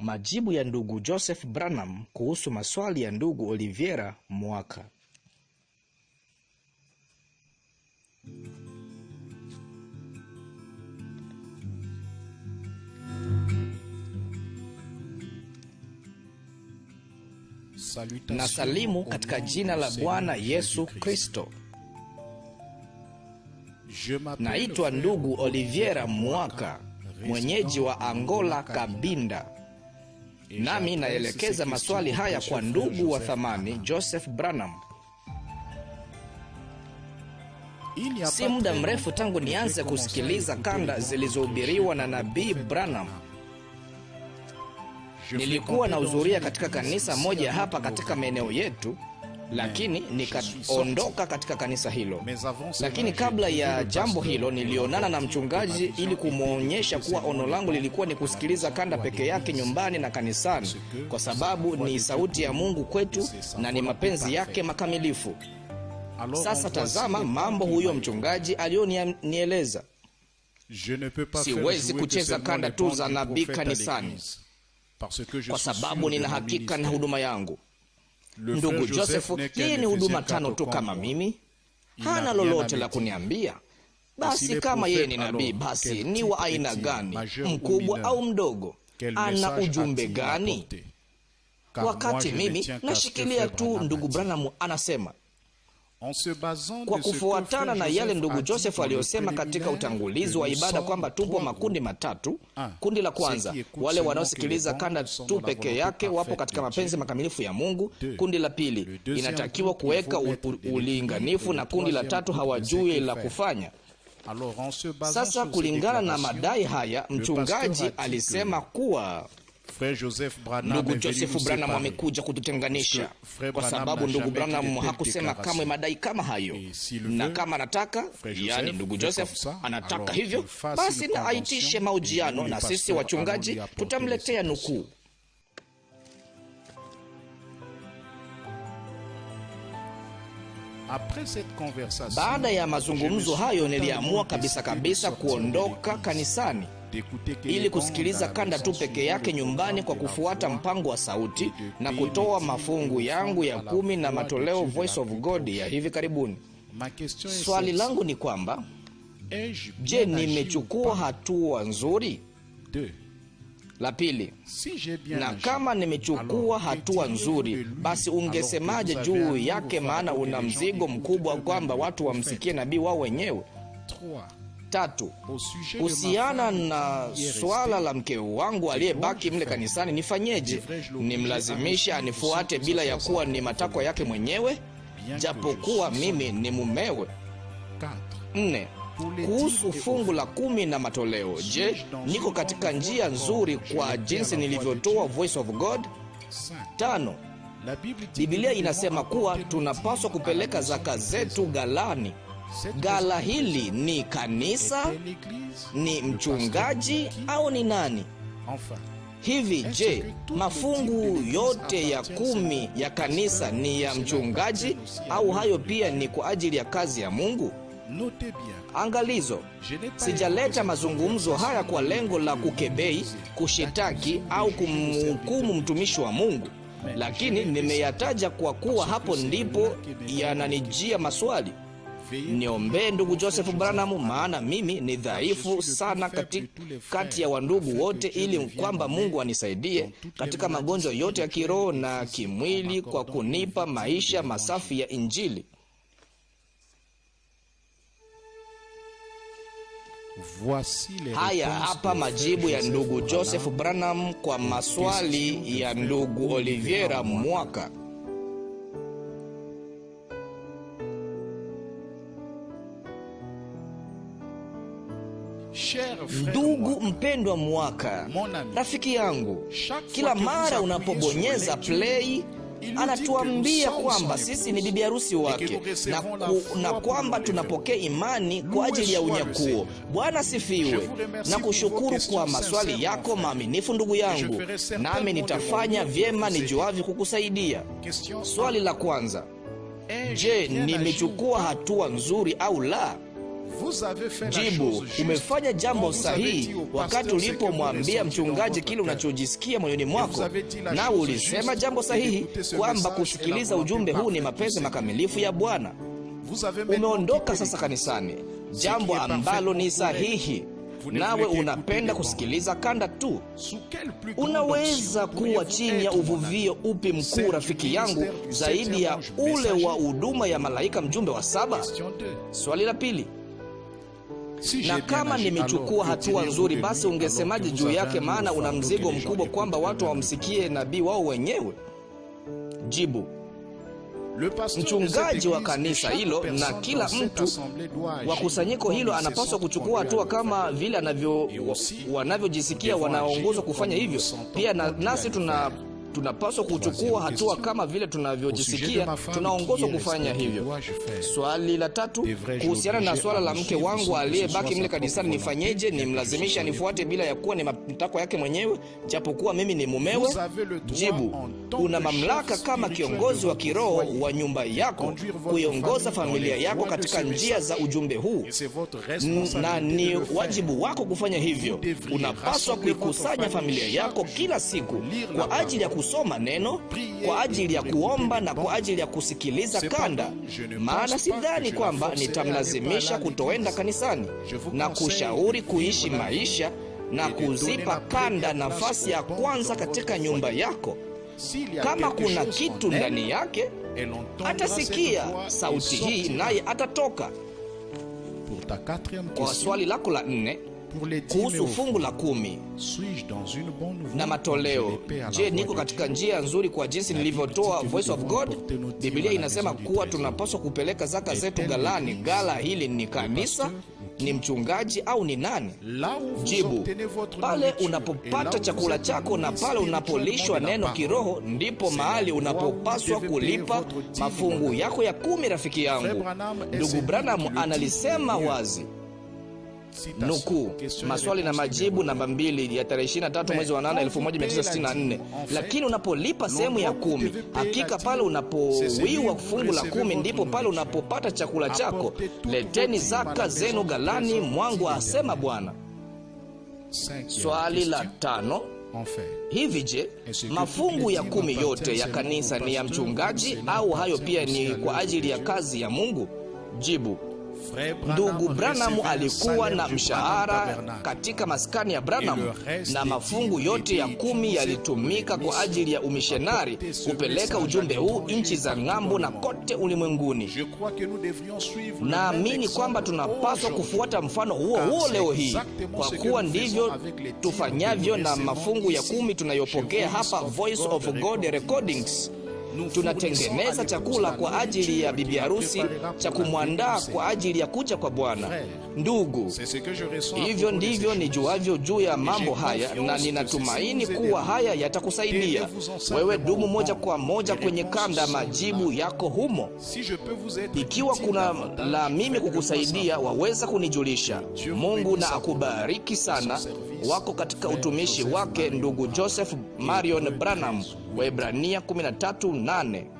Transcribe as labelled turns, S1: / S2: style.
S1: Majibu ya ndugu Joseph Branham kuhusu maswali ya ndugu Oliviera Mwaka. Na salimu katika jina la Bwana Yesu Kristo. Naitwa ndugu Oliviera Mwaka, mwenyeji wa Angola Kabinda nami naelekeza maswali haya kwa ndugu wa thamani Joseph Branham. Si muda mrefu tangu nianze kusikiliza kanda zilizohubiriwa na nabii Branham. Nilikuwa nahudhuria katika kanisa moja hapa katika maeneo yetu lakini nikaondoka katika kanisa hilo. Lakini kabla ya jambo hilo, nilionana na mchungaji ili kumwonyesha kuwa ono langu lilikuwa ni kusikiliza kanda peke yake nyumbani na kanisani, kwa sababu ni sauti ya Mungu kwetu na ni mapenzi yake makamilifu. Sasa tazama mambo huyo mchungaji aliyonieleza. Siwezi kucheza kanda tu za nabii kanisani, kwa sababu nina hakika na huduma yangu. Ndugu Josefu, yeye ni huduma tano tu kama mimi, hana lolote la kuniambia. Basi kama yeye ni nabii, basi ni wa aina gani? Mkubwa au mdogo? Ana ujumbe gani? Wakati mimi nashikilia tu, ndugu Branham anasema kwa kufuatana na yale ndugu Joseph aliyosema katika utangulizi wa ibada kwamba tupo makundi matatu. Kundi la kwanza, wale wanaosikiliza kanda tu peke yake, wapo katika mapenzi makamilifu ya Mungu. Kundi la pili, inatakiwa kuweka ulinganifu, na kundi la tatu, hawajui la kufanya. Sasa kulingana na madai haya, mchungaji alisema kuwa Ndugu Joseph Branham amekuja kututenganisha, kwa sababu ndugu Branham hakusema kamwe madai kama hayo, na kama anataka, yani ndugu Joseph anataka hivyo, basi na aitishe maujiano na sisi wachungaji tutamletea nukuu. Baada ya mazungumzo hayo, niliamua kabisa kabisa kuondoka kanisani ili kusikiliza kanda tu peke yake nyumbani kwa kufuata mpango wa sauti na kutoa mafungu yangu ya kumi na matoleo Voice of God ya hivi karibuni. Swali langu ni kwamba je, nimechukua hatua nzuri? La pili, na kama nimechukua hatua nzuri, basi ungesemaje juu yake? Maana una mzigo mkubwa kwamba watu wamsikie nabii wao wenyewe tatu kuhusiana na swala la mke wangu aliyebaki mle kanisani, nifanyeje? Nimlazimisha anifuate bila ya kuwa ni matakwa yake mwenyewe, japokuwa mimi ni mumewe? Nne, kuhusu fungu la kumi na matoleo, je, niko katika njia nzuri kwa jinsi nilivyotoa Voice of God? Tano, Biblia inasema kuwa tunapaswa kupeleka zaka zetu ghalani. Gala hili ni kanisa, ni mchungaji au ni nani? Hivi je, mafungu yote ya kumi ya kanisa ni ya mchungaji au hayo pia ni kwa ajili ya kazi ya Mungu? Angalizo, sijaleta mazungumzo haya kwa lengo la kukebei, kushitaki au kumhukumu mtumishi wa Mungu, lakini nimeyataja kwa kuwa hapo ndipo yananijia maswali niombee ndugu Joseph Branham, maana mimi ni dhaifu sana kati, kati ya wandugu wote, ili kwamba Mungu anisaidie katika magonjwa yote ya kiroho na kimwili, kwa kunipa maisha masafi ya Injili. Haya hapa majibu ya ndugu Joseph Branham kwa maswali ya ndugu Oliviera Mwaka. Ndugu mpendwa Mwaka, rafiki yangu, kila mara unapobonyeza play anatuambia kwamba sisi ni bibi harusi wake na, ku, na kwamba tunapokea imani kwa ajili ya unyakuo. Bwana sifiwe na kushukuru kwa maswali yako maaminifu, ndugu yangu, nami nitafanya vyema nijuavyo kukusaidia. Swali la kwanza, je, nimechukua hatua nzuri au la? Jibu: umefanya jambo sahihi wakati ulipomwambia mchungaji kile unachojisikia moyoni mwako, nawe ulisema jambo sahihi kwamba kusikiliza ujumbe huu ni mapenzi makamilifu ya Bwana. Umeondoka sasa kanisani, jambo ambalo ni sahihi nawe unapenda kusikiliza kanda tu. Unaweza kuwa chini ya uvuvio upi mkuu, rafiki yangu, zaidi ya ule wa huduma ya malaika mjumbe wa saba? Swali la pili, na kama nimechukua hatua nzuri, basi ungesemaje juu yake? Maana una mzigo mkubwa kwamba watu wamsikie nabii wao wenyewe. Jibu: mchungaji wa kanisa hilo na kila mtu wa kusanyiko hilo anapaswa kuchukua hatua kama vile wanavyojisikia wanaongozwa kufanya hivyo. Pia na, nasi tuna Tunapaswa kuchukua hatua kama vile tunavyojisikia, tunaongozwa kufanya hivyo. Swali la tatu kuhusiana na swala la mke wangu aliyebaki mle kanisani, nifanyeje? mlazimisha anifuate bila ya kuwa ni matakwa yake mwenyewe, japokuwa mimi ni mumewe? Jibu: una mamlaka kama kiongozi wa kiroho wa nyumba yako kuiongoza familia yako katika njia za ujumbe huu, na ni wajibu wako kufanya hivyo. Unapaswa kuikusanya familia yako kila siku kwa ajili ya kusoma neno, kwa ajili ya kuomba na kwa ajili ya kusikiliza kanda, maana sidhani kwamba nitamlazimisha kutoenda kanisani, na kushauri kuishi maisha na kuzipa kanda nafasi ya kwanza katika nyumba yako. Kama kuna kitu ndani yake, atasikia sauti hii, naye atatoka. Kwa swali lako la nne, kuhusu fungu la kumi na matoleo, je, niko katika njia nzuri kwa jinsi nilivyotoa Voice of God? Biblia inasema kuwa tunapaswa kupeleka zaka zetu galani. Gala hili ni kanisa, ni mchungaji au ni nani? Jibu: pale unapopata chakula chako na pale unapolishwa neno kiroho, ndipo mahali unapopaswa kulipa mafungu yako ya kumi. Rafiki yangu ndugu Branham analisema wazi nukuu maswali na majibu namba mbili ya tarehe 23 mwezi wa 8 1964. Lakini unapolipa sehemu ya kumi, hakika pale unapowiwa fungu la kumi, ndipo pale unapopata chakula chako. Leteni zaka zenu ghalani mwangu, asema Bwana. Swali la tano. Hivi je, mafungu ya kumi yote ya kanisa ni ya mchungaji au hayo pia ni kwa ajili ya kazi ya Mungu? Jibu: Ndugu Branham alikuwa na mshahara katika maskani ya Branham, na mafungu yote ya kumi yalitumika kwa ajili ya umishenari kupeleka ujumbe huu nchi za ng'ambo na kote ulimwenguni. Naamini kwamba tunapaswa kufuata mfano huo huo leo hii, kwa kuwa ndivyo tufanyavyo na mafungu ya kumi tunayopokea hapa Voice of God Recordings tunatengeneza chakula kwa ajili ya bibi harusi cha kumwandaa kwa ajili ya kuja kwa Bwana. Ndugu, hivyo ndivyo nijuavyo juu ya mambo haya, na ninatumaini kuwa haya yatakusaidia wewe. Dumu moja kwa moja kwenye kanda, majibu yako humo. Ikiwa kuna la mimi kukusaidia, waweza kunijulisha. Mungu na akubariki sana wako katika utumishi wake ndugu Joseph Marion Branham, Waebrania 13:8.